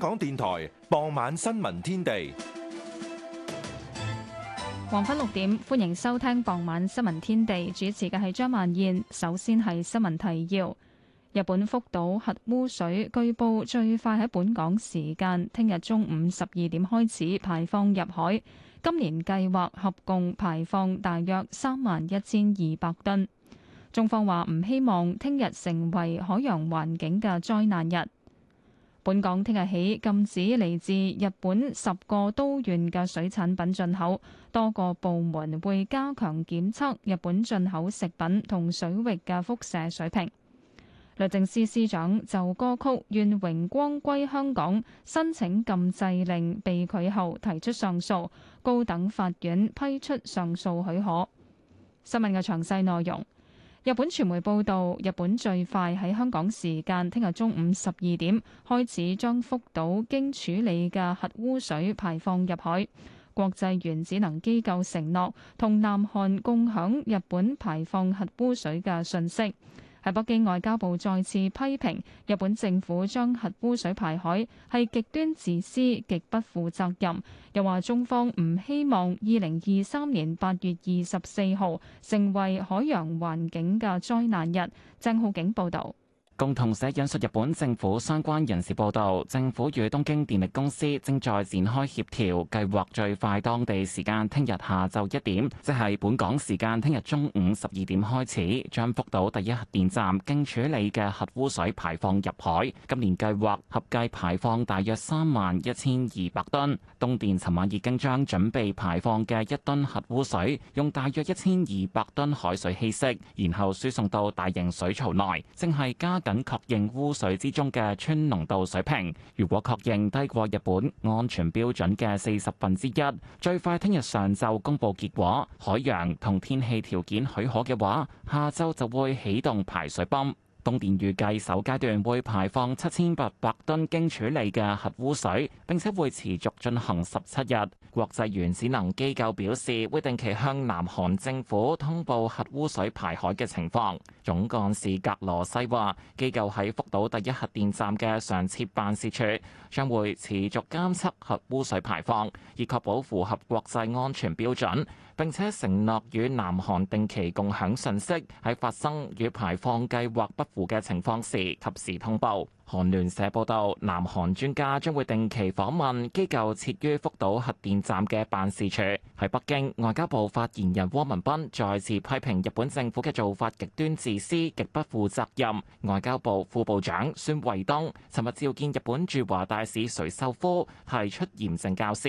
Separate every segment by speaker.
Speaker 1: 香港電台傍晚新聞天地，
Speaker 2: 黃昏六點歡迎收聽傍晚新聞天地，主持嘅係張曼燕。首先係新聞提要：日本福島核污水據報最快喺本港時間聽日中午十二點開始排放入海，今年計劃合共排放大約三萬一千二百噸。中方話唔希望聽日成為海洋環境嘅災難日。本港聽日起禁止嚟自日本十個都縣嘅水產品進口，多個部門會加強檢測日本進口食品同水域嘅輻射水平。律政司司長就歌曲《願榮光歸香港》申請禁制令被拒後提出上訴，高等法院批出上訴許可。新聞嘅詳細內容。日本傳媒報道，日本最快喺香港時間聽日中午十二點開始將福島經處理嘅核污水排放入海。國際原子能機構承諾同南韓共享日本排放核污水嘅訊息。喺北京外交部，再次批評日本政府將核污水排海係極端自私、極不負責任，又話中方唔希望二零二三年八月二十四號成為海洋環境嘅災難日。鄭浩景報道。
Speaker 3: 共同社引述日本政府相關人士報道，政府與東京電力公司正在展開協調，計劃最快當地時間聽日下晝一點，即係本港時間聽日中午十二點開始，將福島第一核電站經處理嘅核污水排放入海。今年計劃合計排放大約三萬一千二百噸。東電尋晚已經將準備排放嘅一噸核污水用大約一千二百噸海水稀釋，然後輸送到大型水槽內，正係加緊。等確認污水之中嘅氚濃度水平，如果確認低過日本安全標準嘅四十分之一，最快聽日上晝公佈結果。海洋同天氣條件許可嘅話，下周就會啟動排水泵。東電預計首階段會排放七千八百噸經處理嘅核污水，並且會持續進行十七日。國際原子能機構表示，會定期向南韓政府通報核污水排海嘅情況。總幹事格羅西話，機構喺福島第一核電站嘅常設辦事處將會持續監測核污水排放，以確保符合國際安全標準。並且承諾與南韓定期共享信息，喺發生與排放計劃不符嘅情況時，及時通報。韓聯社報道，南韓專家將會定期訪問機構設於福島核電站嘅辦事處。喺北京，外交部發言人汪文斌再次批評日本政府嘅做法極端自私、極不負責任。外交部副部長孫衛東尋日召見日本駐華大使垂秀夫，提出嚴正
Speaker 4: 交涉。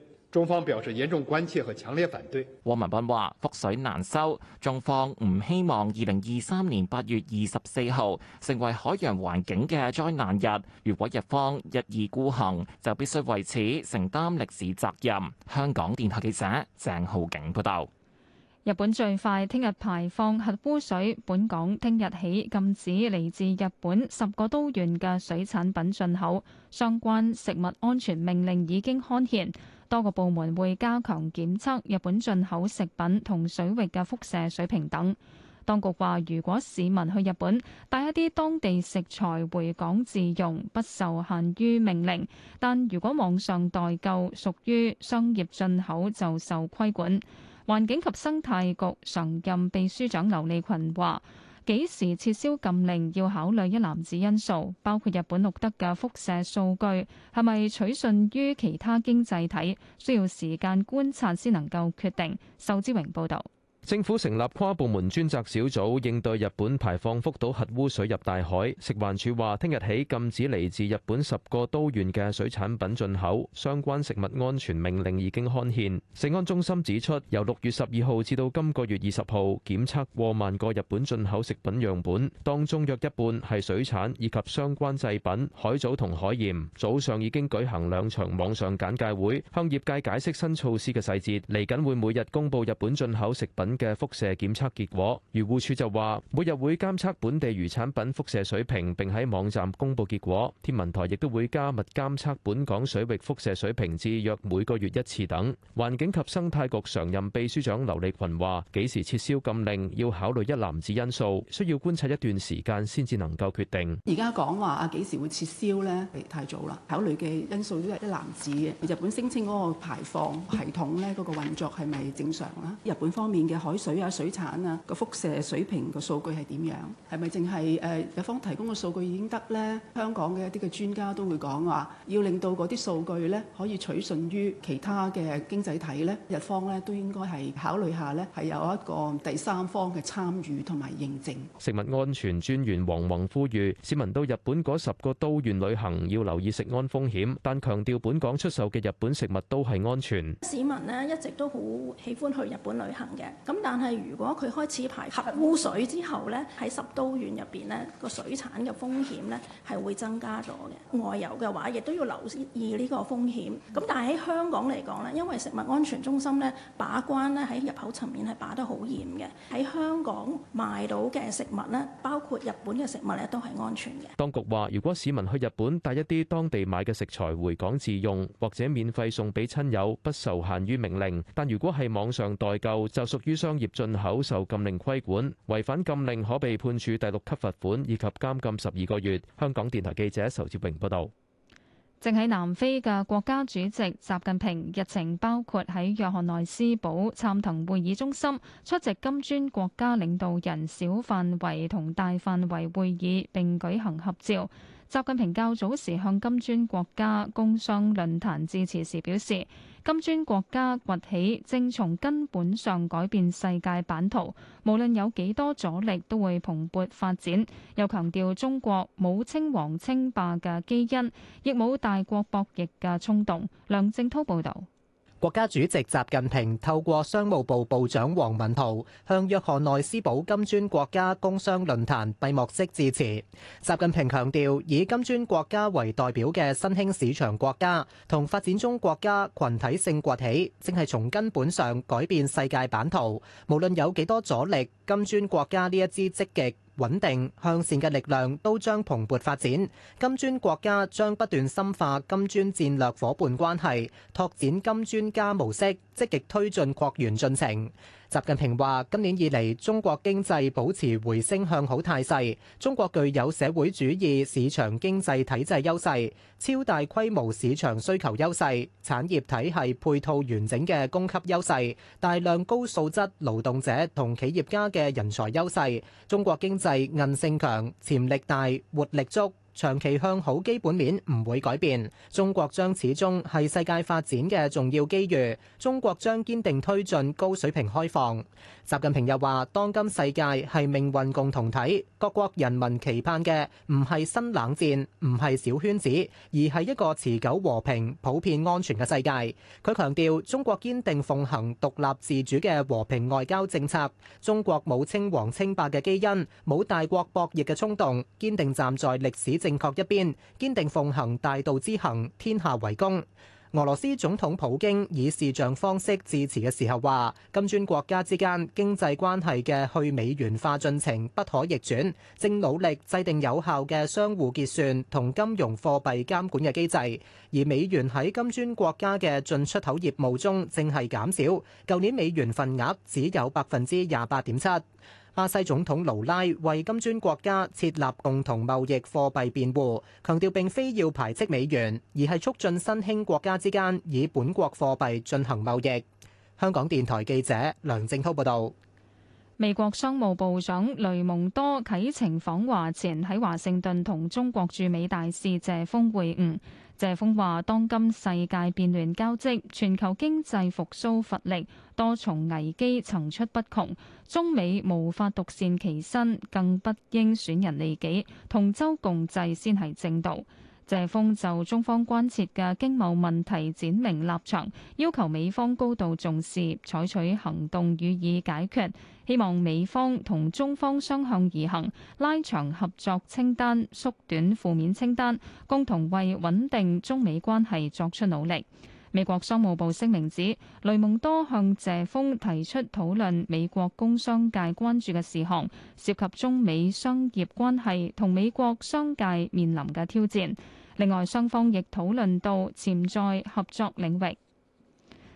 Speaker 4: 中方表示嚴重關切和強烈反對。
Speaker 3: 汪文斌話覆水難收，中方唔希望二零二三年八月二十四號成為海洋環境嘅災難日。如果日方一意孤行，就必須為此承擔歷史責任。香港電台記者鄭浩景報道。
Speaker 2: 日本最快聽日排放核污水，本港聽日起禁止嚟自日本十個都縣嘅水產品進口，相關食物安全命令已經刊憲。多個部門會加強檢測日本進口食品同水域嘅輻射水平等。當局話，如果市民去日本帶一啲當地食材回港自用，不受限於命令；但如果網上代購屬於商業進口，就受規管。環境及生態局常任秘書長劉利群話。幾時撤銷禁令要考慮一籃子因素，包括日本錄得嘅輻射數據係咪取信於其他經濟體，需要時間觀察先能夠決定。仇之榮報導。
Speaker 4: 政府成立跨部門專責小組應對日本排放福島核污水入大海。食環署話，聽日起禁止嚟自日本十個都縣嘅水產品進口，相關食物安全命令已經刊憲。食安中心指出，由六月十二號至到今個月二十號，檢測過萬個日本進口食品樣本，當中約一半係水產以及相關製品、海藻同海鹽。早上已經舉行兩場網上簡介會，向業界解釋新措施嘅細節，嚟緊會每日公佈日本進口食品嘅輻射檢測結果，漁護署就話每日會監測本地漁產品輻射水平，並喺網站公布結果。天文台亦都會加密監測本港水域輻射水平，至約每個月一次等。環境及生態局常任秘書長劉利群話：幾時撤銷禁令要考慮一籃子因素，需要觀察一段時間先至能夠決定。
Speaker 5: 而家講話啊幾時會撤銷呢？太早啦，考慮嘅因素都係一籃子嘅。日本聲稱嗰個排放系統呢嗰個運作係咪正常啦？日本方面嘅。海水啊、水產啊，個輻射水平個數據係點樣？係咪淨係誒日方提供嘅數據已經得咧？香港嘅一啲嘅專家都會講話，要令到嗰啲數據咧可以取信於其他嘅經濟體咧，日方咧都應該係考慮下咧，係有一個第三方嘅參與同埋認證。
Speaker 4: 食物安全專員黃宏呼籲市民到日本嗰十個都縣旅行要留意食安風險，但強調本港出售嘅日本食物都係安全。
Speaker 5: 市民咧一直都好
Speaker 6: 喜歡去日本旅行嘅。咁但係如果佢開始排核污水之後咧，喺十都縣入邊咧，個水產嘅風險咧係會增加咗嘅。外遊嘅話，亦都要留意呢個風險。咁但係喺香港嚟講咧，因為食物安全中心咧把關咧喺入口層面係把得好嚴嘅。喺香港賣到嘅食物咧，包括日本嘅食物咧，都係安全嘅。
Speaker 4: 當局話，如果市民去日本帶一啲當地買嘅食材回港自用，或者免費送俾親友，不受限於命令。但如果係網上代購，就屬於。商業進口受禁令規管，違反禁令可被判處第六級罰款以及監禁十二個月。香港電台記者仇志榮報導。
Speaker 2: 正喺南非嘅國家主席習近平，日程包括喺約翰內斯堡參騰會議中心出席金磚國家領導人小範圍同大範圍會議並舉行合照。習近平較早時向金磚國家工商論壇致辭時表示，金磚國家崛起正從根本上改變世界版圖，無論有幾多阻力，都會蓬勃發展。又強調中國冇稱王稱霸嘅基因，亦冇大國博弈嘅衝動。梁正滔報導。
Speaker 7: 國家主席習近平透過商務部部長王文濤向約翰內斯堡金磚國家工商論壇閉幕式致辭。習近平強調，以金磚國家為代表嘅新興市場國家同發展中國家群體性崛起，正係從根本上改變世界版圖。無論有幾多阻力，金磚國家呢一支積極、穩定向善嘅力量都將蓬勃發展，金磚國家將不斷深化金磚戰略伙伴關係，拓展金磚加模式，積極推進擴員進程。習近平話：今年以嚟，中國經濟保持回升向好態勢。中國具有社會主義市場經濟體制優勢、超大規模市場需求優勢、產業體系配套完整嘅供給優勢、大量高素質勞動者同企業家嘅人才優勢。中國經濟韌性強、潛力大、活力足。長期向好基本面唔會改變，中國將始終係世界發展嘅重要機遇。中國將堅定推進高水平開放。習近平又話：當今世界係命運共同體，各國人民期盼嘅唔係新冷戰，唔係小圈子，而係一個持久和平、普遍安全嘅世界。佢強調中國堅定奉行獨立自主嘅和平外交政策，中國冇稱王稱霸嘅基因，冇大國博弈嘅衝動，堅定站在歷史正確一邊，堅定奉行大道之行，天下為公。俄羅斯總統普京以視像方式致辭嘅時候話：金磚國家之間經濟關係嘅去美元化進程不可逆轉，正努力制定有效嘅相互結算同金融貨幣監管嘅機制。而美元喺金磚國家嘅進出口業務中正係減少，舊年美元份額只有百分之廿八點七。巴西總統盧拉為金磚國家設立共同貿易貨幣辯護，強調並非要排斥美元，而係促進新興國家之間以本國貨幣進行貿易。香港電台記者梁正滔報道。
Speaker 2: 美國商務部長雷蒙多啟程訪華前，喺華盛頓同中國駐美大使謝峰會晤。謝鋒話，當今世界變亂交織，全球經濟復甦乏力，多重危機層出不窮，中美無法獨善其身，更不應損人利己，同舟共濟先係正道。謝鋒就中方關切嘅經貿問題展明立場，要求美方高度重視，採取行動予以解決。希望美方同中方相向而行，拉長合作清單，縮短負面清單，共同為穩定中美關係作出努力。美國商務部聲明指，雷蒙多向謝鋒提出討論美國工商界關注嘅事項，涉及中美商業關係同美國商界面臨嘅挑戰。另外，雙方亦討論到潛在合作領域。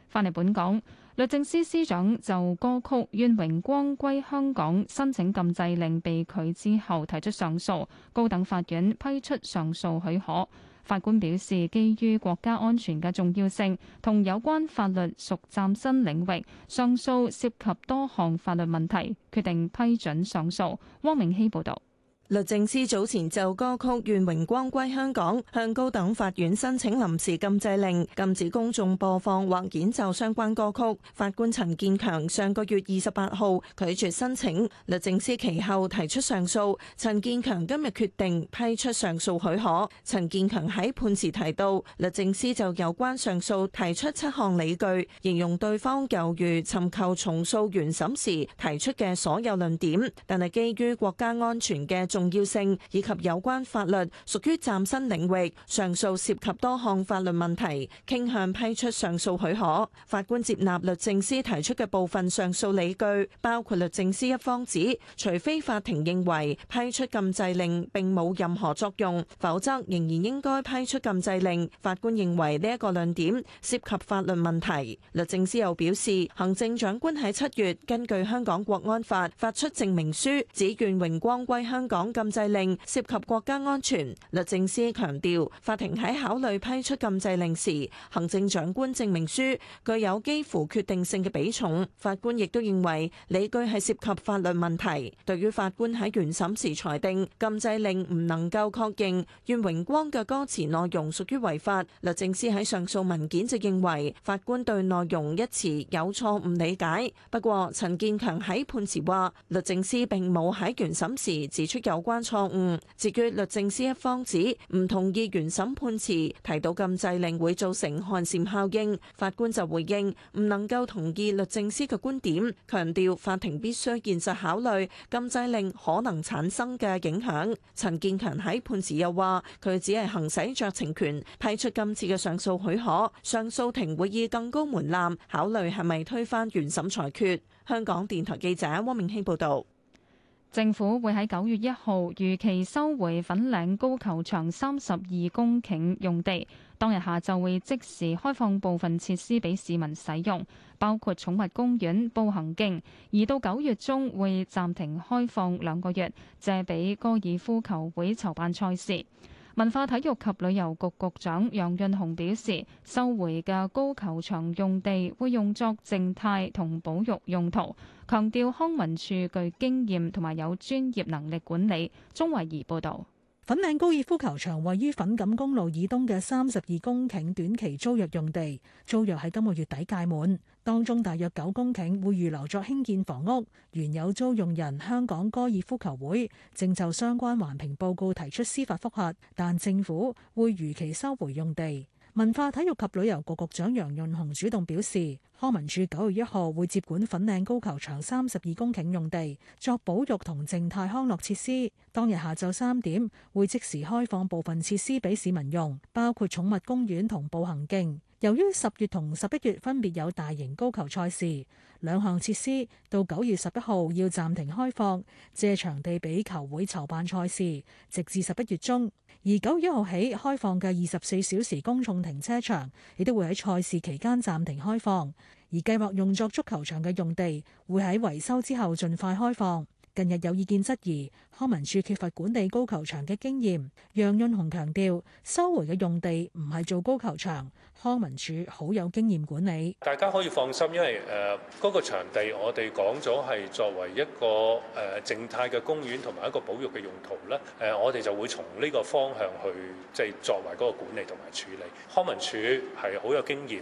Speaker 2: 翻嚟本港，律政司司長就歌曲《願榮光歸香港》申請禁制令被拒之後提出上訴，高等法院批出上訴許可。法官表示，基於國家安全嘅重要性，同有關法律屬嶄新領域，上訴涉及多項法律問題，決定批准上訴。汪明希報導。律政司早前就歌曲《願榮光歸香港》向高等法院申
Speaker 8: 請臨時禁制令，禁止公眾播放或演奏相關歌曲。法官陳建強上個月二十八號拒絕申請，律政司其後提出上訴。陳建強今日決定批出上訴許可。陳建強喺判詞提到，律政司就有關上訴提出七項理據，形容對方有如尋求重訴原審時提出嘅所有論點，但係基於國家安全嘅重要性以及有關法律屬於嶄新領域，上訴涉及多項法律問題，傾向批出上訴許可。法官接納律政司提出嘅部分上訴理據，包括律政司一方指，除非法庭認為批出禁制令並冇任何作用，否則仍然應該批出禁制令。法官認為呢一個論點涉及法律問題。律政司又表示，行政長官喺七月根據香港國安法發出證明書，指願榮光歸香港禁制令涉及國家安全，律政司強調，法庭喺考慮批出禁制令時，行政長官證明書具有幾乎決定性嘅比重。法官亦都認為理據係涉及法律問題。對於法官喺原審時裁定禁制令唔能夠確認袁榮光嘅歌詞內容屬於違法，律政司喺上訴文件就認為法官對內容一詞有錯誤理解。不過陳建強喺判詞話，律政司並冇喺原審時指出有。有關錯誤裁決。律政司一方指唔同意原審判詞提到禁制令會造成寒蟬效應，法官就回應唔能夠同意律政司嘅觀點，強調法庭必須現實考慮禁制令可能產生嘅影響。陳建強喺判詞又話，佢只係行使酌情權，批出今次嘅上訴許可，上訴庭會以更高門檻考慮係咪推翻原審裁決。香港電台記者汪明希報道。
Speaker 2: 政府會喺九月一號如期收回粉嶺高球場三十二公頃用地，當日下晝會即時開放部分設施俾市民使用，包括寵物公園、步行徑，而到九月中會暫停開放兩個月，借俾高爾夫球會籌辦賽事。文化體育及旅遊局局長楊潤雄表示，收回嘅高球場用地會用作靜態同保育用途，強調康文處具經驗同埋有專業能力管理。鐘惠儀報導。
Speaker 9: 粉嶺高爾夫球場位於粉錦公路以東嘅三十二公頃短期租約用地，租約喺今個月底屆滿，當中大約九公頃會預留作興建房屋。原有租用人香港高爾夫球會正就相關環評報告提出司法複核，但政府會如期收回用地。文化體育及旅遊局局長楊潤雄主動表示，康文署九月一號會接管粉嶺高球場三十二公頃用地作保育同靜態康樂設施。當日下晝三點會即時開放部分設施畀市民用，包括寵物公園同步行徑。由於十月同十一月分別有大型高球賽事，兩項設施到九月十一號要暫停開放，借場地俾球會籌辦賽事，直至十一月中。而九月一號起開放嘅二十四小時公眾停車場，亦都會喺賽事期間暫停開放，而計劃用作足球場嘅用地，會喺維修之後盡快開放。近日有意見質疑康文署缺乏管理高球場嘅經驗，楊潤雄強調收回嘅用地唔係做高球場，康文署好有經驗管理。
Speaker 4: 大家可以放心，因為誒嗰個場地我哋講咗係作為一個誒靜態嘅公園同埋一個保育嘅用途咧。誒，我哋就會從呢個方向去即係作為嗰個管理同埋處理，康文署係好有經驗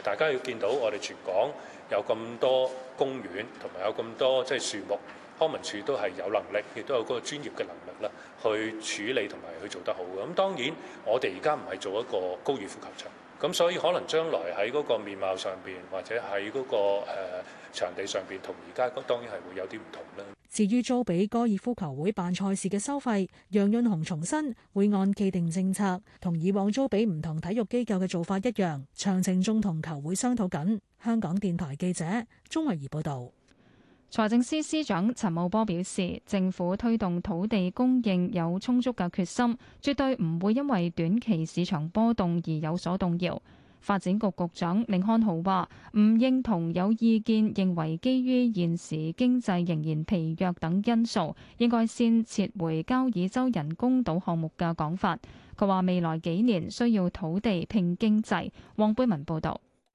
Speaker 4: 誒。大家要見到我哋全港有咁多公園同埋有咁多即係樹木。康文署都係有能力，亦都有嗰個專業嘅能力啦，去處理同埋去做得好嘅。咁當然，我哋而家唔係做一個高爾夫球場，咁所以可能將來喺嗰個面貌上邊，或者喺嗰、嗰個誒、呃、場地上邊，同而家當然係會有啲唔同啦。
Speaker 9: 至於租俾高爾夫球會辦賽事嘅收費，楊潤雄重申會按既定政策，同以往租俾唔同體育機構嘅做法一樣。詳情中同球會商討緊。香港電台記者鍾
Speaker 2: 慧儀報道。財政司司長陳茂波表示，政府推動土地供應有充足嘅決心，絕對唔會因為短期市場波動而有所動搖。發展局局長甯漢豪話：唔認同有意見認為，基於現時經濟仍然疲弱等因素，應該先撤回交椅洲人工島項目嘅講法。佢話未來幾年需要土地拼經濟。黃貝文報導。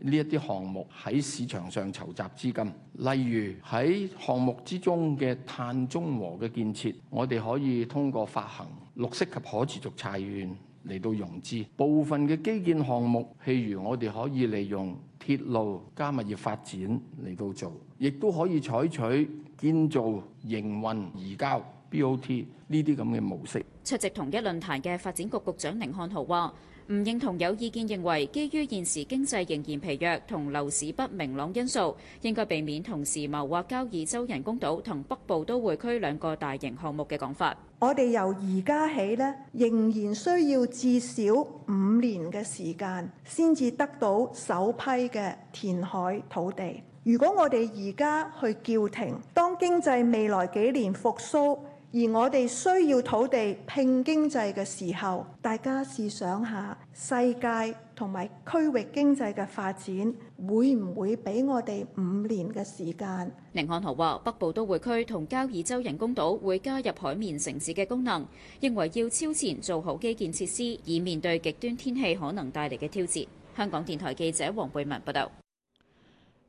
Speaker 3: 呢一啲項目喺市場上籌集資金，例如喺項目之中嘅碳中和嘅建設，我哋可以通過發行綠色及可持續債券嚟到融資。部分嘅基建項目，譬如我哋可以利用鐵路加物業發展嚟到做，亦都可以採取建造、營運、移交、BOT 呢啲咁嘅模式。
Speaker 5: 出席同一論壇嘅發展局局長甯漢豪話。唔認同有意見認為，基於現時經濟仍然疲弱同樓市不明朗因素，應該避免同時謀劃交椅洲人工島同北部都會區兩個大型項目嘅講法。
Speaker 9: 我哋由而家起呢，仍然需要至少五年嘅時間，先至得到首批嘅填海土地。如果我哋而家去叫停，當經濟未來幾年復甦，而我哋需要土地拼經濟嘅時候，大家試想下世界同埋區域經濟嘅發展，會唔會俾我哋五年
Speaker 5: 嘅時間？寧漢豪話北部都會區同交椅洲人工島會加入海綿城市嘅功能，認為要超前做好基建設施，以面對極端天氣可能帶嚟嘅挑戰，香港電台記者黃貝文報道。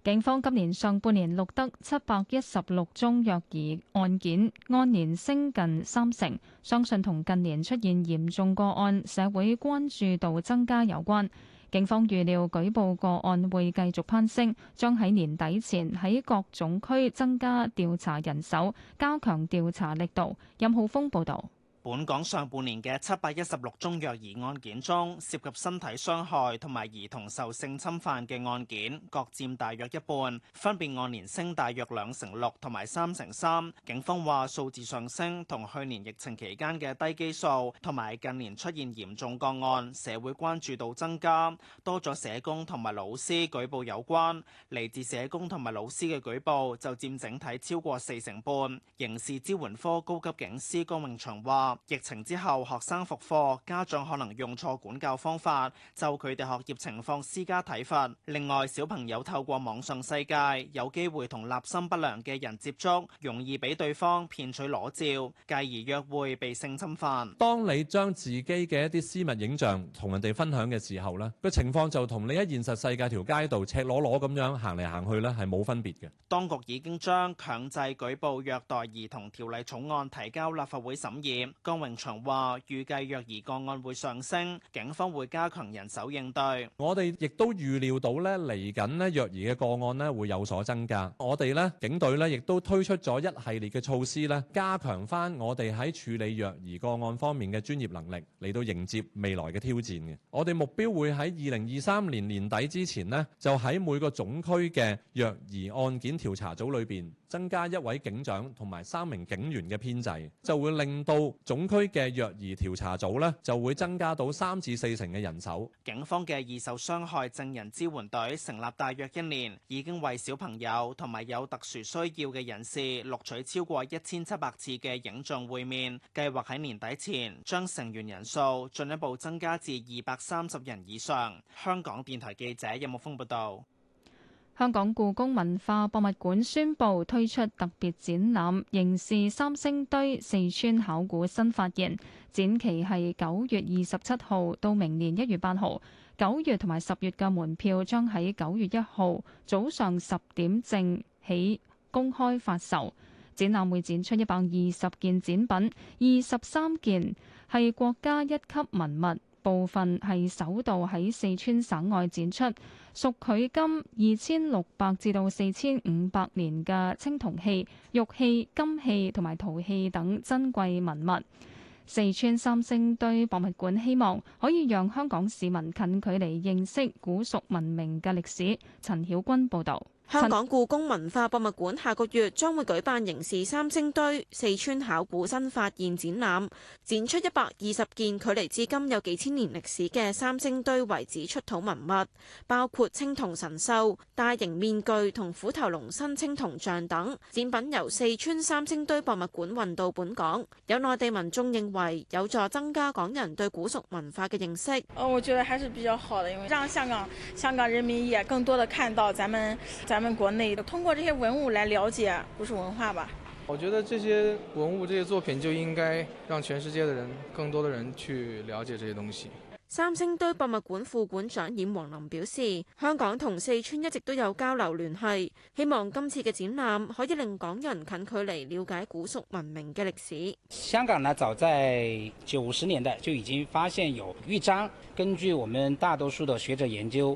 Speaker 2: 警方今年上半年錄得七百一十六宗虐兒案件，按年升近三成，相信同近年出現嚴重個案、社會關注度增加有關，警方預料舉報個案會繼續攀升，將喺年底前喺各總區增加調查人手，加強調查力度。任浩峰報道。
Speaker 1: 本港上半年嘅七百一十六宗虐兒案件中，涉及身體傷害同埋兒童受性侵犯嘅案件各佔大約一半，分別按年升大約兩成六同埋三成三。警方話數字上升同去年疫情期間嘅低基數同埋近年出現嚴重個案，社會關注度增加，多咗社工同埋老師舉報有關，嚟自社工，同埋老師嘅舉報就佔整體超過四成半。刑事支援科高級警司江永祥話。疫情之後，學生復課，家長可能用錯管教方法，就佢哋學業情況施加體罰。另外，小朋友透過網上世界，有機會同立心不良嘅人接觸，容易俾對方騙取裸照，繼而約會被性侵犯。
Speaker 10: 當你將自己嘅一啲私密影像同人哋分享嘅時候呢，呢個情況就同你喺現實世界條街道赤裸裸咁樣行嚟行去呢，係冇分別嘅。
Speaker 1: 當局已經將強制舉報虐待兒童條例草案提交立法會審議。江永祥話：預計虐兒個案會上升，警方會加強人手應對。
Speaker 10: 我哋亦都預料到咧，嚟緊咧虐兒嘅個案咧會有所增加。我哋咧警隊咧亦都推出咗一系列嘅措施咧，加強翻我哋喺處理虐兒個案方面嘅專業能力，嚟到迎接未來嘅挑戰嘅。我哋目標會喺二零二三年年底之前呢就喺每個總區嘅虐兒案件調查組裏邊。增加一位警長同埋三名警員嘅編制，就會令到總區嘅虐兒調查組呢就會增加到三至四成嘅人手。
Speaker 1: 警方嘅易受傷害證人支援隊成立大約一年，已經為小朋友同埋有特殊需要嘅人士錄取超過一千七百次嘅影像會面。計劃喺年底前將成員人數進一步增加至二百三十人以上。香港電台記者任木峯報道。
Speaker 2: 香港故宮文化博物館宣布推出特別展覽，凝視三星堆四川考古新發現，展期係九月二十七號到明年一月八號。九月同埋十月嘅門票將喺九月一號早上十點正起公開發售。展覽會展出一百二十件展品，二十三件係國家一級文物。部分係首度喺四川省外展出，屬距今二千六百至到四千五百年嘅青銅器、玉器、金器同埋陶器等珍貴文物。四川三星堆博物館希望可以讓香港市民近距離認識古蜀文明嘅歷史。陳曉君報導。香港
Speaker 11: 故宮文化博物館下個月將會舉辦《凝視三星堆四川考古新發現》展覽，展出一百二十件距離至今有幾千年歷史嘅三星堆遺址出土文物，包括青銅神獸、大型面具同虎頭龍身青銅像等。展品由四川三星堆博物館運到本港。有內地民眾認為有助增加港人對古蜀文化嘅認識。呃，我覺得還是比較好的，因為讓香港香港人民也更多的看到，咱們，咱們國內都通過這些文物來了解古蜀文化吧。
Speaker 4: 我覺得這些文物、這些作品就應該讓全世界的人、更多的人去了解這些東西。
Speaker 11: 三星堆博物館副館長尹王林表示，香港同四川一直都有交流聯繫，希望今次嘅展覽可以令港人近距離了解古蜀文明嘅歷史。
Speaker 1: 香港呢，早在九十年代就已經發現有玉璋，根據我們大多數的學者研究。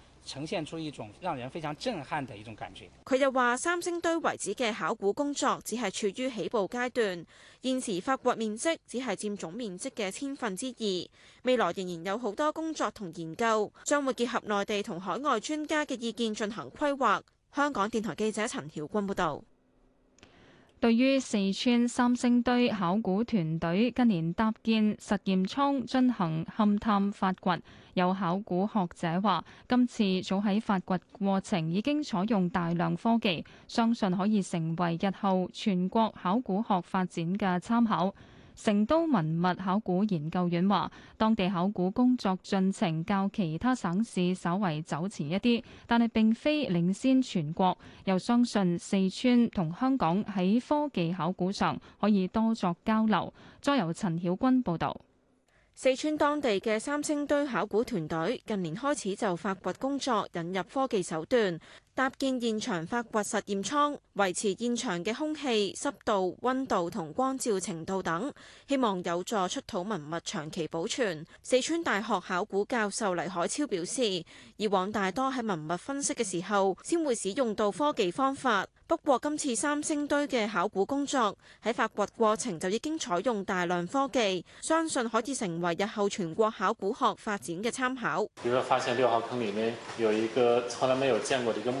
Speaker 1: 呈現出一種讓人非常震撼嘅一種感覺。
Speaker 11: 佢又話：三星堆遺址嘅考古工作只係處於起步階段，現時發掘面積只係佔總面積嘅千分之二，未來仍然有好多工作同研究，將會結合內地同海外專家嘅意見進行規劃。香港電台記者陳曉君報導。
Speaker 2: 對於四川三星堆考古團隊近年搭建實驗艙進行勘探發掘，有考古學者話：今次早喺發掘過程已經採用大量科技，相信可以成為日後全國考古學發展嘅參考。成都文物考古研究院話，當地考古工作進程較其他省市稍為走前一啲，但係並非領先全國。又相信四川同香港喺科技考古上可以多作交流。再由陳曉君報導，
Speaker 11: 四川當地嘅三星堆考古團隊近年開始就發掘工作引入科技手段。搭建現場發掘實驗艙，維持現場嘅空氣、濕度、溫度同光照程度等，希望有助出土文物長期保存。四川大學考古教授黎海超表示：以往大多喺文物分析嘅時候先會使用到科技方法，不過今次三星堆嘅考古工作喺發掘過程就已經採用大量科技，相信可以成為日後全國考古學發展嘅參考。
Speaker 3: 比如話，發現六號坑裡面有一個從來沒有見過嘅一個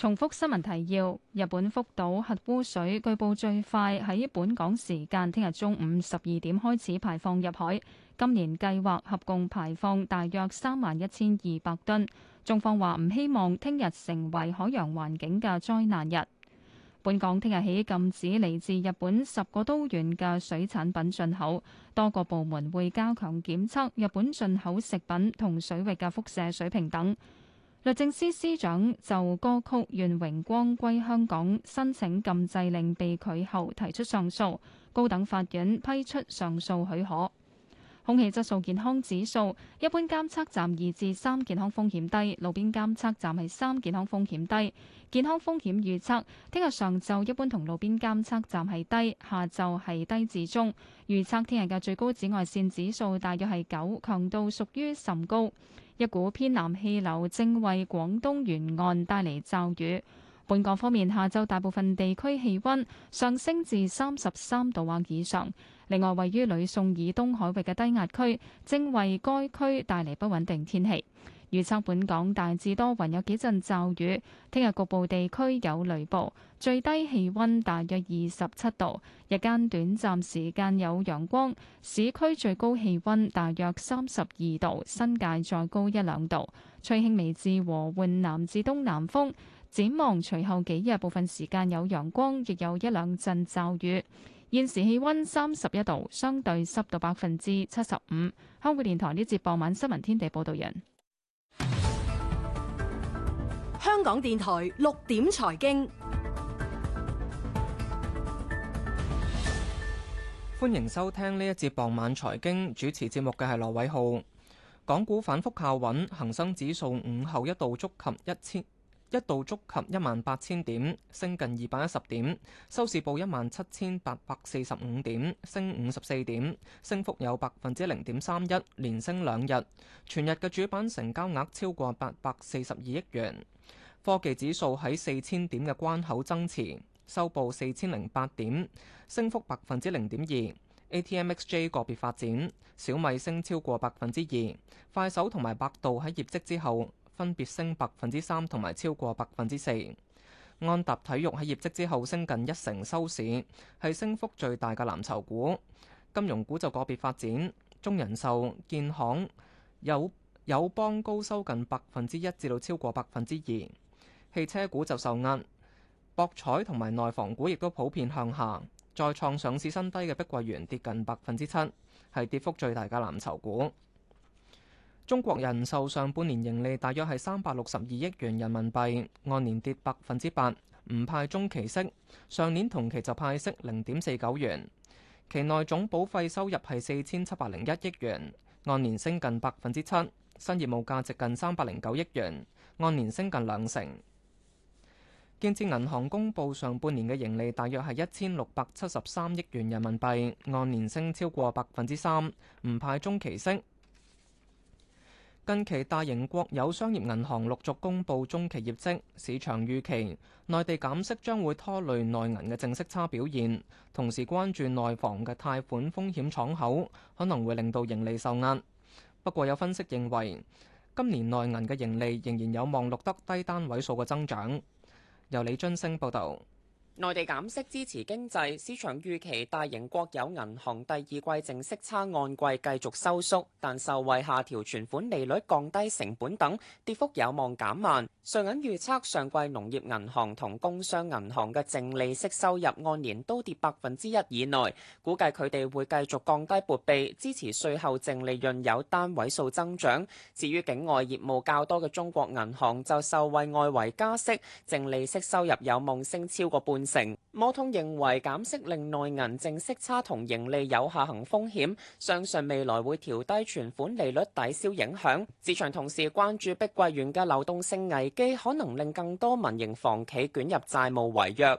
Speaker 2: 重複新聞提要：日本福島核污水據報最快喺本港時間聽日中午十二點開始排放入海，今年計劃合共排放大約三萬一千二百噸。中方話唔希望聽日成為海洋環境嘅災難日。本港聽日起禁止嚟自日本十個都縣嘅水產品進口，多個部門會加強檢測日本進口食品同水域嘅輻射水平等。律政司司長就歌曲《願榮光歸香港》申請禁制令被拒後提出上訴，高等法院批出上訴許可。空氣質素健康指數，一般監測站二至三，健康風險低，路邊監測站係三，健康風險低。健康風險預測，聽日上晝一般同路邊監測站係低，下晝係低至中。預測聽日嘅最高紫外綫指數大約係九，強度屬於甚高。一股偏南氣流正為廣東沿岸帶嚟驟雨。本港方面，下晝大部分地區氣温上升至三十三度或以上。另外，位於呂宋以東海域嘅低壓區，正為該區帶嚟不穩定天氣。預測本港大致多雲，有幾陣驟雨。聽日局部地區有雷暴，最低氣温大約二十七度，日間短暫時間有陽光。市區最高氣温大約三十二度，新界再高一兩度。吹輕微至和緩南至東南風。展望隨後幾日，部分時間有陽光，亦有一兩陣驟雨。現時氣温三十一度，相對濕度百分之七十五。香港電台呢節傍晚新聞天地報道人。
Speaker 9: 香港電台六點財經，
Speaker 12: 歡迎收聽呢一節傍晚財經主持節目嘅係羅偉浩。港股反覆靠穩，恒生指數午後一度觸及一千。一度觸及一萬八千點，升近二百一十點，收市報一萬七千八百四十五點，升五十四點，升幅有百分之零點三一，連升兩日。全日嘅主板成交額超過八百四十二億元。科技指數喺四千點嘅關口增持，收報四千零八點，升幅百分之零點二。ATMXJ 個別發展，小米升超過百分之二，快手同埋百度喺業績之後。分別升百分之三同埋超過百分之四。安踏體育喺業績之後升近一成收市，係升幅最大嘅藍籌股。金融股就個別發展，中人壽、建行、友友邦高收近百分之一至到超過百分之二。汽車股就受壓，博彩同埋內房股亦都普遍向下。再創上市新低嘅碧桂園跌近百分之七，係跌幅最大嘅藍籌股。中國人壽上半年盈利大約係三百六十二億元人民幣，按年跌百分之八，唔派中期息。上年同期就派息零點四九元。期內總保費收入係四千七百零一億元，按年升近百分之七。新業務價值近三百零九億元，按年升近兩成。建設銀行公佈上半年嘅盈利大約係一千六百七十三億元人民幣，按年升超過百分之三，唔派中期息。近期大型國有商業銀行陸續公布中期業績，市場預期內地減息將會拖累內銀嘅淨息差表現，同時關注內房嘅貸款風險敞口可能會令到盈利受壓。不過有分析認為，今年內銀嘅盈利仍然有望錄得低單位數嘅增長。由李津升報道。
Speaker 10: 內地減息支持經濟，市場預期大型國有銀行第二季淨息差按季繼續收縮，但受惠下調存款利率，降低成本等，跌幅有望減慢。瑞銀預測上季農業銀行同工商銀行嘅淨利息收入按年都跌百分之一以內，估計佢哋會繼續降低撥備，支持稅後淨利潤有單位數增長。至於境外業務較多嘅中國銀行，就受惠外圍加息，淨利息收入有望升超過半。摩通認為減息令內銀淨息差同盈利有下行風險，相信未來會調低存款利率抵消影響。市場同時關注碧桂園嘅流動性危機，可能令更多民營房企捲入債務違約。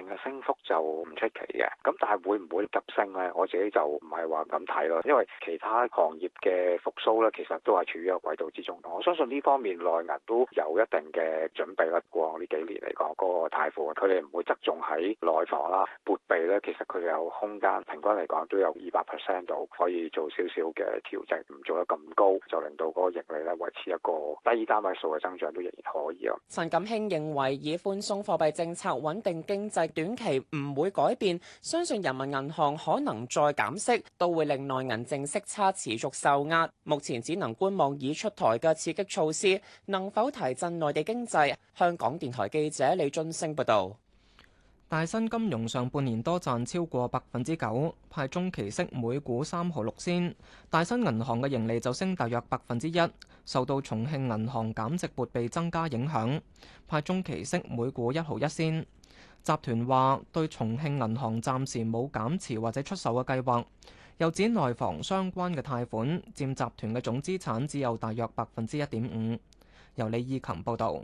Speaker 10: 升幅就
Speaker 3: 唔出奇嘅，咁但係會唔會急升咧？我自己就唔係話咁睇咯，因為其他行業嘅復蘇咧，其實都係處於一個軌道之中。我相信呢方面內銀都有一定嘅準備啦。過往呢幾年嚟講嗰個貸款佢哋唔會側重喺內房啦，撥備咧其實佢哋有空間平均嚟講都有二百 percent 度可以做少少嘅調整，唔做得咁高，就令到嗰個盈利咧維持一個低單位數嘅增長都仍然可
Speaker 10: 以咯。陳錦卿認為以寬鬆貨幣政策穩定經濟短。短期唔會改變，相信人民銀行可能再減息，都會令內銀淨息差持續受壓。目前只能觀望已出台嘅刺激措施能否提振內地經濟。香港電台記者李津升報道：
Speaker 12: 大新金融上半年多賺超過百分之九，派中期息每股三毫六仙。大新銀行嘅盈利就升大約百分之一，受到重慶銀行減值撥備增加影響，派中期息每股一毫一仙。集團話對重慶銀行暫時冇減持或者出售嘅計劃，又指內房相關嘅貸款佔集團嘅總資產只有大約百分之一點五。由李依琴報導。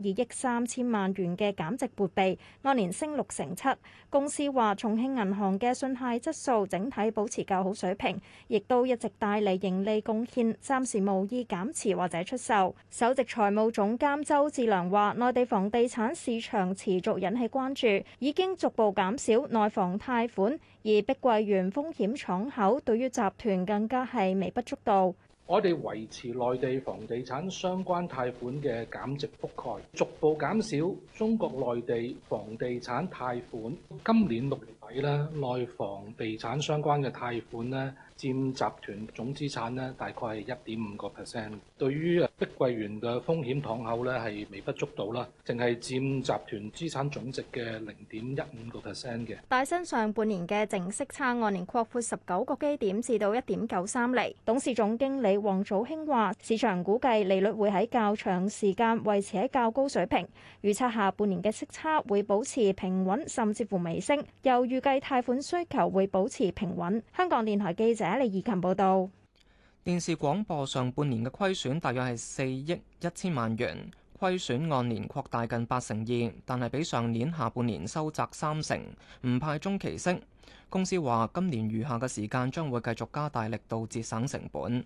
Speaker 6: 二億三千萬元嘅減值撥備，按年升六成七。公司話：重慶銀行嘅信貸質素整體保持較好水平，亦都一直帶嚟盈利貢獻，暫時無意減持或者出售。首席財務總監周志良話：內地房地產市場持續引起關注，已經逐步減少內房貸款，而碧桂園風險敞口對於集團更加係微不足道。
Speaker 3: 我哋維持內地房地產相關貸款嘅減值覆蓋，逐步減少中國內地房地產貸款。今年六月底咧，內房地產相關嘅貸款咧，佔集團總資產咧，大概係一點五個 percent。對於碧桂園嘅風險敞口咧，係微不足道啦，淨係佔集團資產總值嘅零點一五個 percent 嘅。
Speaker 5: 大
Speaker 6: 新上半年嘅淨息差按年擴闊十九個基點至到一點九三厘。董事總經理王祖興話，市場估計利率會喺較長時間維持喺較高水平，預測下半年嘅息差會保持平穩，甚至乎微升。又預計貸款需求會保持平穩。香港電台記者李義勤報道。
Speaker 12: 電視廣播上半年嘅虧損大約係四億一千萬元，虧損按年擴大近八成二，但係比上年下半年收窄三成。唔派中期息，公司話今年餘下嘅時間將會繼續加大力度節省成本。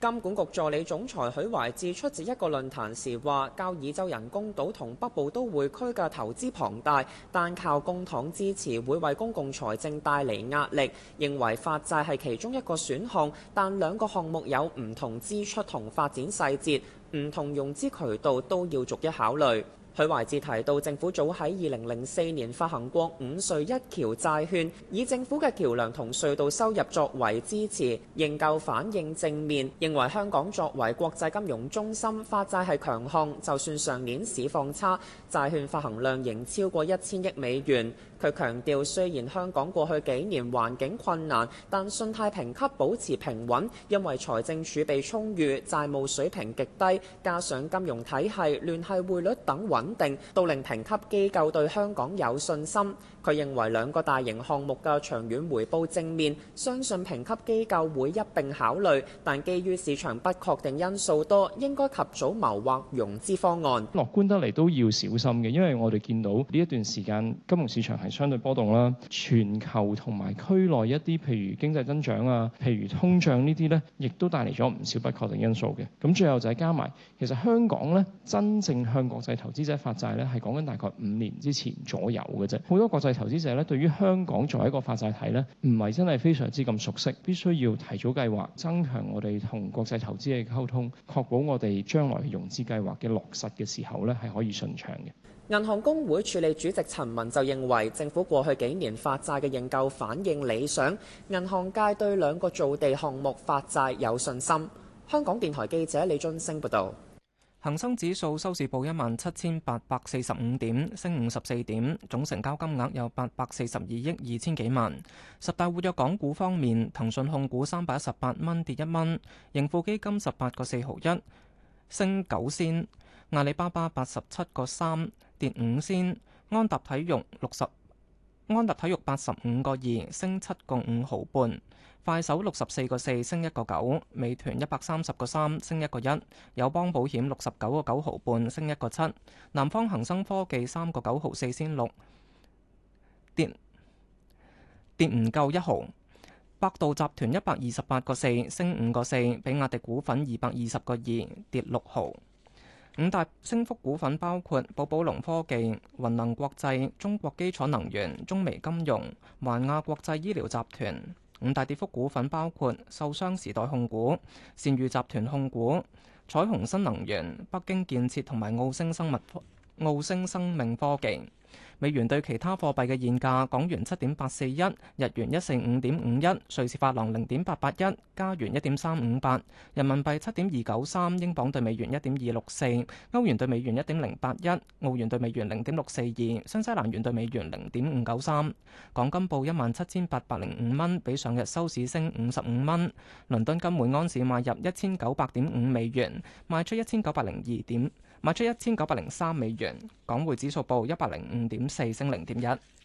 Speaker 10: 金管局助理總裁許懷志出席一個論壇時話，交椅洲人工島同北部都會區嘅投資龐大，但靠公帑支持會為公共財政帶嚟壓力，認為發債係其中一個選項，但兩個項目有唔同支出同發展細節，唔同融資渠道都要逐一考慮。佢懷誌提到，政府早喺二零零四年發行過五隧一橋債券，以政府嘅橋梁同隧道收入作為支持，仍舊反應正面。認為香港作為國際金融中心發債係強項，就算上年市況差，債券發行量仍超過一千億美元。佢強調，雖然香港過去幾年環境困難，但信貸評級保持平穩，因為財政儲備充裕、債務水平極低，加上金融體系、聯繫匯率等穩定，都令評級機構對香港有信心。佢認為兩個大型項目嘅長遠回報正面，相信評級機構會一並考慮，但基於市場不確定因素多，應該及早謀劃融資方案。
Speaker 3: 樂觀得嚟都要小心嘅，因為我哋見到呢一段時間金融市場係相對波動啦，全球同埋區內一啲譬如經濟增長啊、譬如通脹呢啲呢，亦都帶嚟咗唔少不確定因素嘅。咁最後就係加埋，其實香港呢，真正向國際投資者發債呢，係講緊大概五年之前左右嘅啫，好多國際。投資者咧對於香港作為一個發債體咧，唔係真係非常之咁熟悉，必須要提早計劃，增強我哋同國際投資嘅溝通，確保我哋將來融資計劃嘅落實嘅時候咧係可以順暢嘅。
Speaker 10: 銀行公會處理主席陳文就認為，政府過去幾年發債嘅認購反應理想，銀行界對兩個造地項目發債有信心。香港電台記者李俊升報導。
Speaker 12: 恒生指數收市報一萬七千八百四十五點，升五十四點，總成交金額有八百四十二億二千幾萬。十大活躍港股方面，騰訊控股三百一十八蚊跌一蚊，盈富基金十八個四毫一，升九仙；阿里巴巴八十七個三跌五仙；安踏體育六十，安踏體育八十五個二升七個五毫半。快手六十四個四升一個九，美團一百三十個三升一個一，友邦保險六十九個九毫半升一個七，南方恒生科技三個九毫四仙六跌跌唔夠一毫。百度集團一百二十八個四升五個四，比亞迪股份二百二十個二跌六毫。五大升幅股份包括寶寶龍科技、雲能國際、中國基礎能源、中微金融、環亞國際醫療集團。五大跌幅股份包括受傷時代控股、善譽集團控股、彩虹新能源、北京建設同埋澳星生物科、澳星生命科技。美元兌其他貨幣嘅現價：港元七點八四一，日元一四五點五一，瑞士法郎零點八八一，加元一點三五八，人民幣七點二九三，英鎊兌美元一點二六四，歐元兌美元一點零八一，澳元兌美元零點六四二，新西蘭元兌美元零點五九三。港金報一萬七千八百零五蚊，比上日收市升五十五蚊。倫敦金每盎司買入一千九百點五美元，賣出一千九百零二點。賣出一千九百零三美元，港匯指數報一百零五點四，升零點一。